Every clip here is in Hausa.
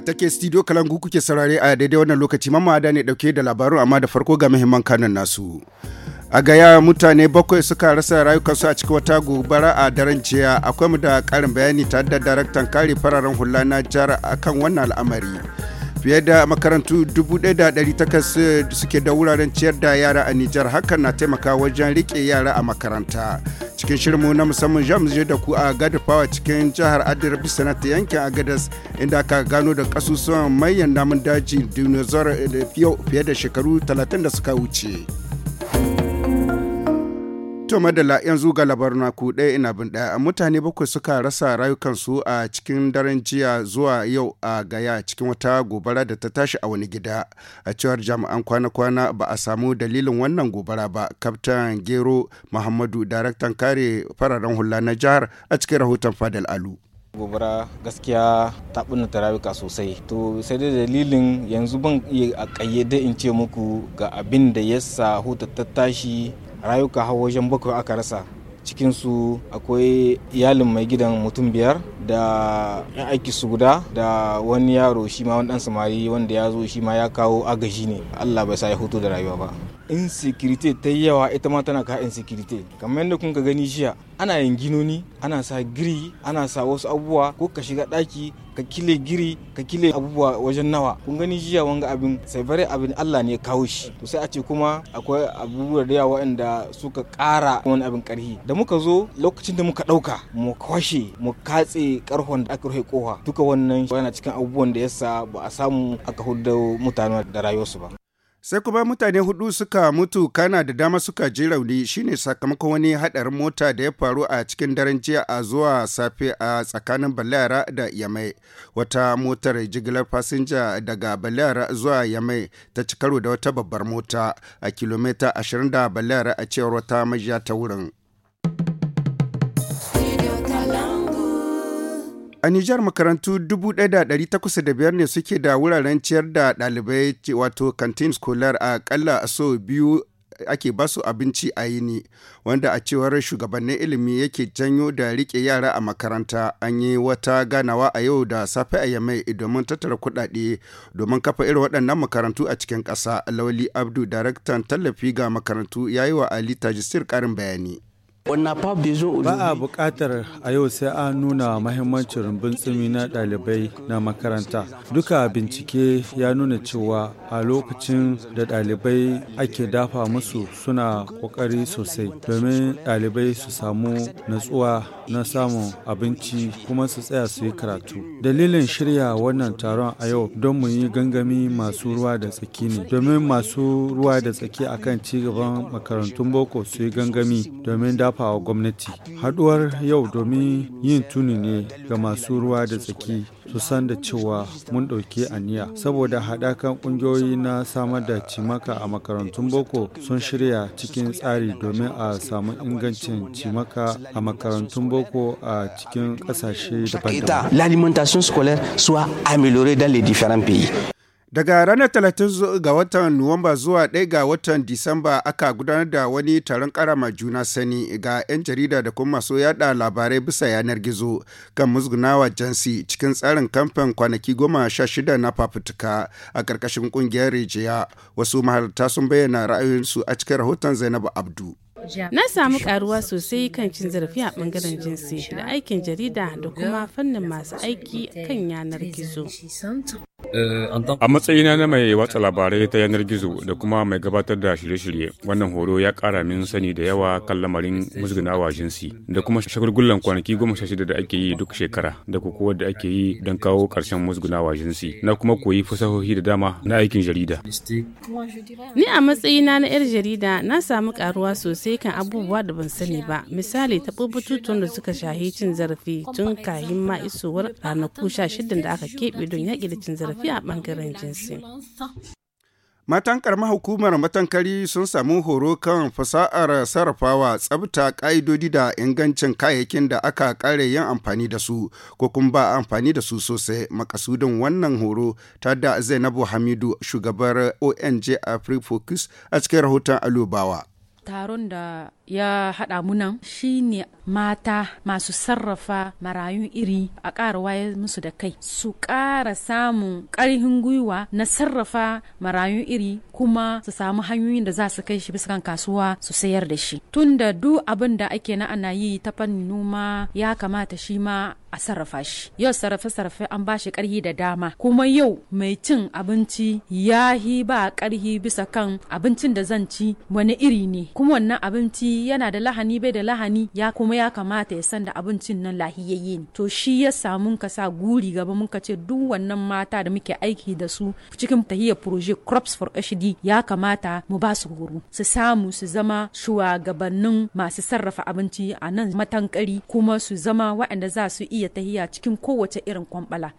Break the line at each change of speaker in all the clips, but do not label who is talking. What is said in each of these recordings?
ta take studio kalangu kuke saurare a daidai wannan lokaci mamada ne dauke da labarun amma da farko ga muhimman kanan nasu. a gaya mutane bakwai suka rasa rayukansu a cikin wata gobara a daren jiya akwai mu da karin bayani tare da daraktan kare fararen hula na jihar akan wannan al'amari fiye da makarantu 1,800 eh, suke da wuraren ciyar da yara a nijar hakan na taimaka wajen rike yara a makaranta cikin shirmu na musamman za je da ku a fawa cikin jihar adir bisa na ta yankin agadas inda aka gano da kasusuwan mayan namun daji dinosaur eh, fiye da shekaru 30 da suka wuce. To madalla yanzu ga labaruna ku ɗaya ina bin ɗaya mutane bakwai suka rasa rayukansu a cikin daren jiya zuwa yau a gaya cikin wata gobara da ta tashi a wani gida a cewar jami'an kwana-kwana ba a samu dalilin wannan gobara ba kaftan gero muhammadu daraktan kare fararen hula na jihar a cikin rahoton fadal alu.
gobara gaskiya ta ta rayuka sosai to sai dai dalilin yanzu ban iya a kayyade in ce muku ga abin da ya sa hutar ta tashi rayuka har wajen bakwai aka rasa cikinsu akwai iyalin mai gidan mutum biyar da 'yan aiki su guda da wani yaro shi ma wani dan samari wanda ya zo shi ma ya kawo agaji ne allah bai sa ya hutu da rayuwa ba insecurity ta yawa ita ma tana ka insecurity kamar yadda kun ka gani jiya ana yin ginoni ana sa giri ana sa wasu abubuwa ko ka shiga daki ka kile giri ka kile abubuwa wajen nawa kun gani jiya wanga abin sai bare abin Allah ne ya kawo shi to sai a ce kuma akwai abubuwa da yawa inda suka kara wani abin karhi da muka zo lokacin da muka ɗauka mu kwashe mu katse karhon da aka rufe kowa duka wannan yana cikin abubuwan da yasa ba a samu aka
hudu mutane
da rayuwarsu ba
sai kuma mutane hudu suka mutu kana da dama suka ji rauni shine sakamakon wani hadarin mota da ya faru a cikin daren jiya a zuwa safe a tsakanin balayara da yamai wata motar jigilar fasinja daga balayara zuwa yamai ta ci karo da wata babbar mota a kilomita 20 da balayara a cewar wata majiya ta wurin A Nijar makarantu 1,805 ne suke da wuraren ciyar da ɗalibai wato kantin scholar a kalla so biyu ake basu abinci a yini wanda a cewar shugabannin ilimi yake janyo da rike yara a makaranta an yi wata ganawa a yau da safe a yamai domin tattara kuɗaɗe domin kafa irin waɗannan makarantu a cikin ƙasa Lauli abdu daraktan tallafi ga makarantu ya yi wa ali tajisir ƙarin bayani
Ba a buƙatar a yau sai an nuna mahimmancin rumbun tsumi na ɗalibai na makaranta. Duka bincike ya nuna cewa a lokacin da ɗalibai ake dafa musu suna ƙoƙari sosai domin ɗalibai su samu natsuwa na samun abinci kuma su tsaya su yi karatu. Dalilin shirya wannan taron a yau don mu yi gangami masu ruwa da tsaki ne. Domin masu ruwa da tsaki akan ci gaban makarantun boko su yi gangami domin dafa tallafawa gwamnati haduwar yau domin yin tuni ne ga masu ruwa da tsaki su san da cewa mun ɗauki aniya saboda haɗakan ƙungiyoyi na samar da cimaka a makarantun boko sun shirya cikin tsari domin a samu ingancin cimaka a makarantun boko a cikin ƙasashe daban-daban.
Daga ranar 30 ga watan Nuwamba zuwa ɗaya ga watan Disamba aka gudanar da wani taron karama juna sani ga 'yan jarida da kuma masu yada labarai bisa yanar gizo kan musgunawa jansi cikin tsarin kamfen kwanaki goma sha shida na fafutuka a ƙarƙashin ƙungiyar rijiya wasu mahalarta sun bayyana ra'ayoyinsu a cikin rahoton Zainabu
Abdu.
Na samu karuwa sosai kan cin zarafi a bangaren jinsi da aikin jarida da kuma fannin masu aiki kan yanar gizo.
Eh, a matsayina na mai watsa labarai ta yanar gizo da kuma mai gabatar da shirye-shirye wannan horo ya kara min sani da yawa kan lamarin musgunawa jinsi da kuma shagulgullan kwanaki goma sha shida da ake yi duk shekara da kukuwar da ake yi don kawo karshen musgunawa jinsi na kuma koyi fasahohi da dama na aikin jarida.
Ni a matsayina na 'yar jarida na samu karuwa sosai kan abubuwa da ban sani ba misali taɓo bututun da suka shahi cin zarafi tun kahin ma isowar ranaku sha shida da aka keɓe don yaƙi da cin zarafi. zarafi a bangaren jinsi.
Matan karma hukumar matankari sun samu horo kan fasa'ar sarrafawa tsabta ƙa'idodi da ingancin kayayyakin da aka ƙare yin amfani da su ko kuma ba amfani da su sosai makasudin wannan horo ta da Zainabu Hamidu shugabar ONG Afri Focus a cikin rahoton Alubawa.
Taron da ya haɗa mu nan shine mata masu sarrafa marayun iri a ƙara waye musu da kai su ƙara samun ƙarfin gwiwa na sarrafa marayun iri kuma su samu hanyoyin da za su kai shi bisa kan kasuwa su sayar da shi tunda duk abin da ake na ana yi ta fannin noma ya kamata shi ma a sarrafa shi yau sarrafe-sarrafe an ba shi karhi da dama kuma yau mai cin abinci ya hi ba karhi bisa kan abincin da zan ci wani iri ne kuma wannan abinci yana da lahani bai da lahani ya kuma ya kamata ya san da abincin nan lahiyayye to shi ya samu ka sa guri gaba mun ka ce duk wannan mata da muke aiki da su cikin tahiyar proje crops for HD ya kamata mu ba su horo su samu su zama shugabannin masu sarrafa abinci a nan matankari kuma su zama waɗanda za su iya tahiya cikin kowace irin kwambala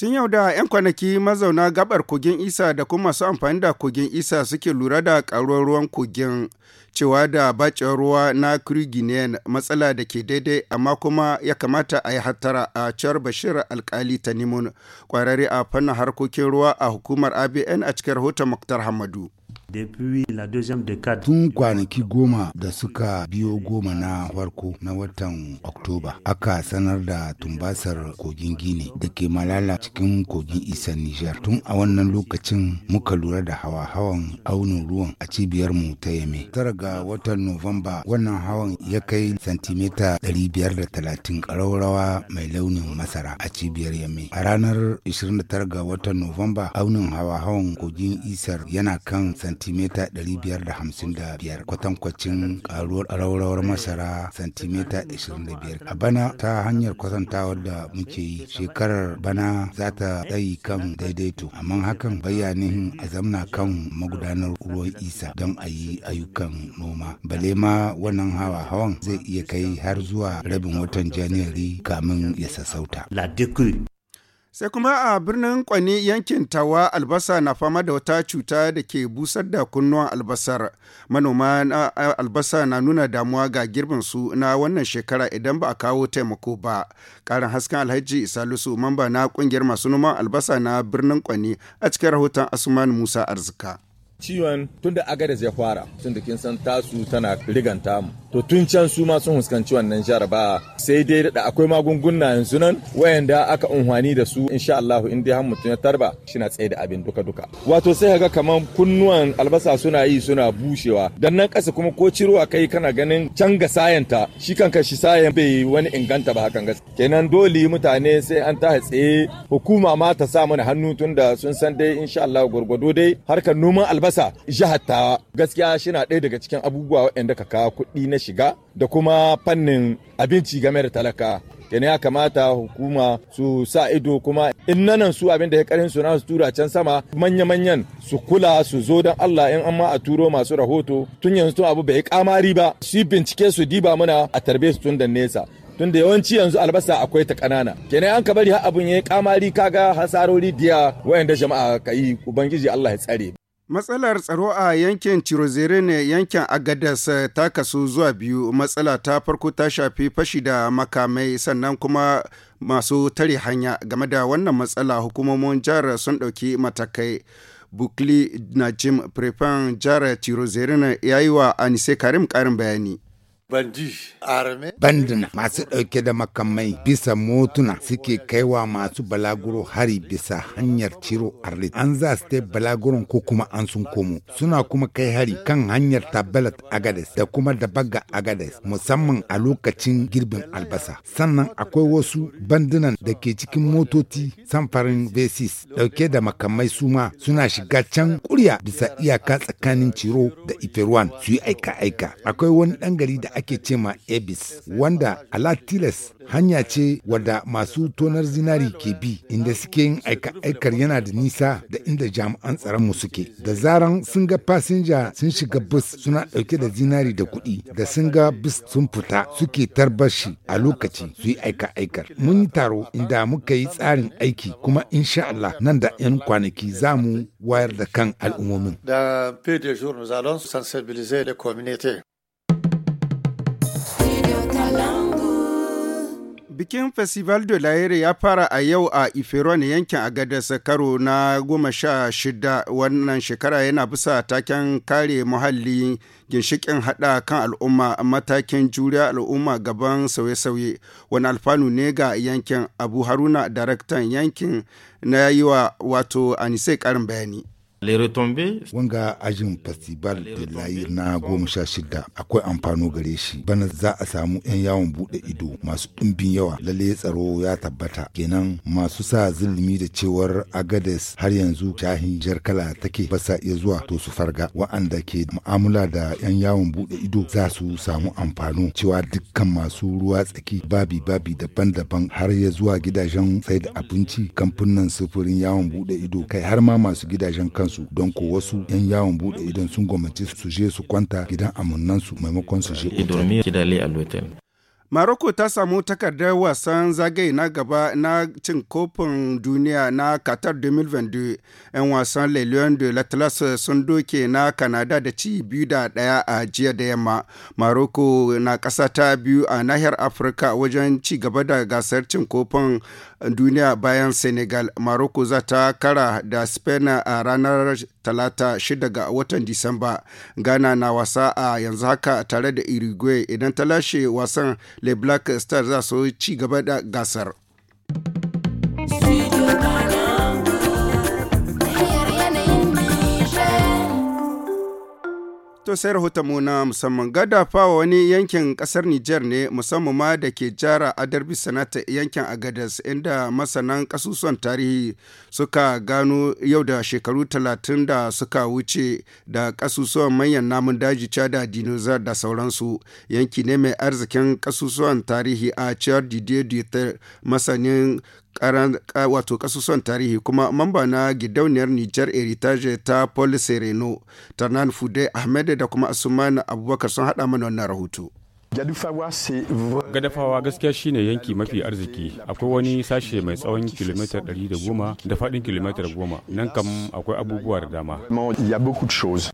Tun yau da 'yan kwanaki mazauna gabar kogin Isa da kuma masu amfani da kogin Isa suke lura da karuwar ruwan kogin cewa da bacin ruwa na Kruginian matsala da ke daidai amma kuma ya kamata a yi hattara a cewar Bashir Alkali ta Tanimun kwarari a fannin harkokin ruwa a hukumar ABN a cikin rahoton Muktar Hamadu.
Tun kwanaki goma da suka biyo goma na farko na watan Oktoba aka sanar da tumbasar kogin Gini da ke malala cikin kogin isan niger. Tun a wannan lokacin muka lura da hawa-hawan aunin ruwan a cibiyar mu ta Yame. Tara ga watan novamba wannan hawan ya kai santimita 530 ƙaraurawa mai launin masara a cibiyar Yame. A ranar 29 ga watan novamba aunin hawa-hawan kogin isar yana kan santimeta 555 kwatankwacin karuwar raurawar masara santimeta 25 a bana ta hanyar kwatantawar da muke yi shekarar bana za ta tsayi kan daidaito amma hakan bayanin a zamna kan magudanar ruwan isa don a yi ayyukan noma bale ma wannan hawa hawan zai iya kai har zuwa rabin watan janairu kamin ya sassauta
Sai kuma a birnin Kwani yankin Tawa albasa na fama da wata cuta da ke busar da kunnuwan albasar. Manoma na albasa na nuna damuwa ga girbin su na wannan shekara idan ba a kawo taimako ba. Karin hasken Alhaji Salisu mamba na kungiyar masu noman albasa na birnin Kwani a cikin rahoton Asuman Musa Arzika.
ciwon tun da ya fara tun da kin san tasu tana riganta mu to tun can su ma sun huskanci wannan jaraba sai dai da akwai magunguna yanzu nan wayanda aka unhwani da su insha Allah in dai har mutum ya tarba na tsaye da abin duka duka wato sai kaga kaman kunnuwan albasa suna yi suna bushewa dan nan kasa kuma ko ciruwa kai kana ganin can ga sayanta shi kanka shi sayan bai wani inganta ba hakan gaskiya kenan dole mutane sai an ta tsaye hukuma ma ta sa mana hannu tun da sun san dai insha Allah gurgudo dai harkar noman albasa albasa jihar tawa gaskiya shina ɗaya daga cikin abubuwa waɗanda ka kawo kuɗi na shiga da kuma fannin abinci game da talaka da ya kamata hukuma su sa ido kuma in nanan su abin da ya karin su na su tura can sama manya-manyan su kula su zo don Allah in amma a turo masu rahoto tun yanzu abu bai kamari ba su bincike su diba muna a tarbe su tun da nesa tun da yawanci yanzu albasa akwai ta kanana kenan an ka bari har abun yayi kamari kaga hasarori diya wayanda jama'a ka yi ubangiji Allah ya tsare
Matsalar tsaro a yankin Cirozere ne yankin Agadas ta kasu zuwa biyu matsala ta farko ta shafi fashi da makamai sannan kuma masu tare hanya game da wannan matsala hukumomin jihar sun ɗauki matakai. Bukli Najim Prefan jihar Cirozere ya yi wa Anise Karim karin bayani.
Banduna
masu ɗauke da makamai bisa
motuna suke kaiwa masu balaguro hari bisa hanyar ciro arlit. An za su ta balaguron ko kuma an sun komo. Suna kuma kai hari kan hanyar tabbalat agades da kuma da baga agades musamman a lokacin girbin albasa. Sannan akwai wasu bandunan da ke cikin motoci samfarin vesis ɗauke da makamai suma suna shiga can kurya bisa iyaka tsakanin ciro da iferwan su yi aika-aika. Akwai wani ɗan gari da ake ce ma abis wanda ala hanya ce wadda masu tonar zinari ke bi inda suke yin aika-aikar yana da nisa da inda jami'an mu suke da zaran sun ga fasinja sun shiga bus suna ɗauke da zinari da kuɗi da sun ga bus sun fita suke tarbashi a lokaci su yi aika-aikar mun yi taro inda muka yi tsarin aiki kuma insha Allah nan da 'yan kwanaki za mu wayar da kan al'ummomin. Da
Bikin Festival de Laire ya fara a yau a Iferon yankin Agadas karo na goma sha shida wannan shekara yana bisa taken kare muhalli ginshikin hada kan al'umma matakin juriya al'umma gaban sauye-sauye wani alfanu ne ga yankin Abu Haruna daraktan yankin na yi wa wato Anise karin bayani.
Wanga ajin festival de la na goma sha shida akwai amfano gare shi. Bana za a samu 'yan yawon bude ido masu ɗumbin yawa lalle tsaro ya tabbata. Kenan masu sa zulumi da cewar Agades har yanzu jahin jarkala take ba sa iya zuwa to su farga. Wa'anda ke mu'amala da 'yan yawon bude ido za su samu amfano cewa dukkan masu ruwa tsaki babi babi daban-daban har ya zuwa gidajen sai da abinci kamfunan sufurin yawon bude ido kai har ma masu gidajen kansu su don ko wasu 'yan yawon bude idan sun gwamnati su je su kwanta gidan su maimakon su je
Maroko ta samu takardar wasan zagaye na gaba na cin kofin duniya na Qatar 2022 'yan wasan Le Lion de l'Atlas sun doke na kanada da ci biyu da daya a jiya da yamma. Maroko na ƙasa ta biyu a nahiyar Afirka wajen ci gaba da gasar cin kofin duniya bayan senegal maroko za ta kara da spain a ranar talata 6 ga watan disamba ghana na wasa a yanzu haka tare da uruguay idan ta lashe wasan le black star za su ci gaba da gasar. To sai rahotonmu na musamman gadafawa wani yankin kasar Nijar ne musamman ma da ke jara adarbi sanata yankin Agadas inda masanan kasusuwan tarihi suka gano yau da shekaru talatin da suka wuce da kasusuwan manyan namun daji cada dinozar da sauransu yanki ne mai arzikin kasusuwan tarihi a ciyar Didier ta masanin wato kasusuwan tarihi kuma mamba na gidauniyar Nijar eritage ta Paul Sereno, Tarnan Fude Ahmed da kuma Asuman Abubakar sun haɗa mana wannan rahoto.
Gadafawa gaskiya shine yanki mafi arziki. Akwai wani sashe mai tsawon kilomita 110 da faɗin kilomita 10. Nan kam akwai abubuwa da dama.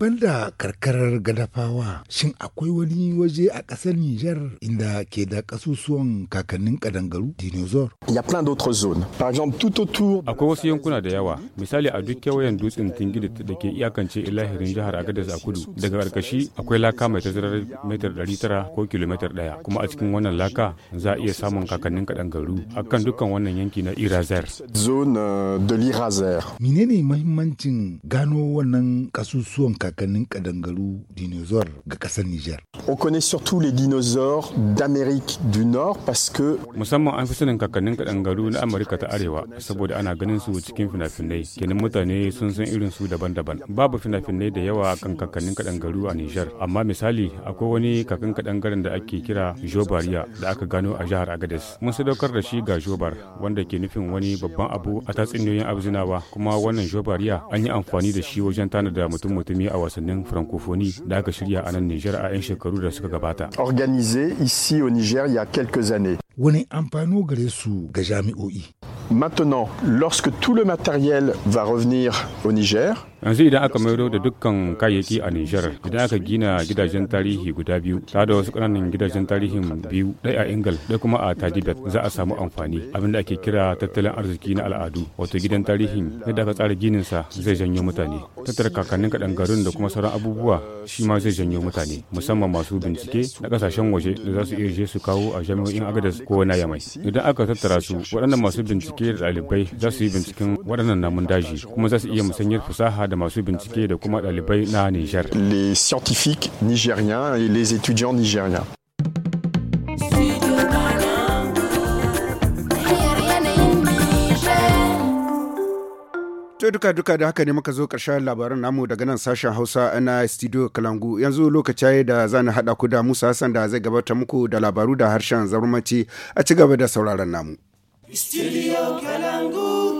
Banda karkarar Gadafawa, shin akwai wani waje a kasar Nijar inda ke da ƙasusuwan kakannin kadangaru dinosaur?
Akwai wasu yankuna da yawa. Misali a duk kewayen dutsen Tingidit da ke iyakance ilahirin jihar Agadez a kudu. Daga ƙarƙashi akwai laka mai tazarar 900 ko kilomita kilomitar daya kuma a cikin wannan laka za a iya samun kakannin kaɗangaru a kan dukkan wannan yanki na irazer zone euh, de l'irazer.
menene mahimmancin gano wannan kasusuwan kakannin kadangaru dinosaur ga ƙasar niger
on connaît surtout les dinosaures d'amérique du nord parce que musamman an fi sanin kakannin kadangaru na amurka ta arewa saboda ana ganin su cikin fina-finai kenan mutane sun san irin su daban-daban babu fina-finai da yawa kan kakannin kadangaru a niger amma misali akwai wani kakan kadangaren da da ake kira jobaria da aka gano a jihar agades Mun sadaukar da shi ga Jobar wanda ke nufin wani babban abu a tatsuniyoyin Abzinawa kuma wannan jobaria an yi amfani da shi wajen tana da mutum mutumi a wasannin francophonie da aka shirya a nan niger a 'yan shekaru da suka gabata. Organisé ici au Niger il y a quelques années. Wani amfano gare su ga jami'o'i. Maintenant, lorsque tout le matériel va revenir au Niger, yanzu idan aka maido da dukkan kayayyaki a nijar idan aka gina gidajen tarihi guda biyu ta da wasu ƙananan gidajen tarihin biyu ɗaya a ingal da kuma a tadibet za a samu amfani abinda ake kira tattalin arziki na al'adu wato gidan tarihin yadda aka tsara ginin sa zai janyo mutane tattara kakannin garin da kuma sauran abubuwa shi ma zai janyo mutane musamman masu bincike na ƙasashen waje da za su iya je su kawo a jami'o'in agadas ko na yamai idan aka tattara su waɗannan masu bincike da ɗalibai za su yi binciken waɗannan namun daji kuma za su iya musanyar fasaha da masu bincike da kuma ɗalibai na Nijar. Les scientifiques nigériens et les étudiants nigériens.
To duka duka da haka ne muka zo karshen labaran namu daga nan sashen Hausa na studio Kalangu. Yanzu lokaci da zani haɗa ku da Musa Hassan da zai gabatar muku da labaru da harshen zarumaci a ci gaba da sauraron namu.
Studio Kalangu.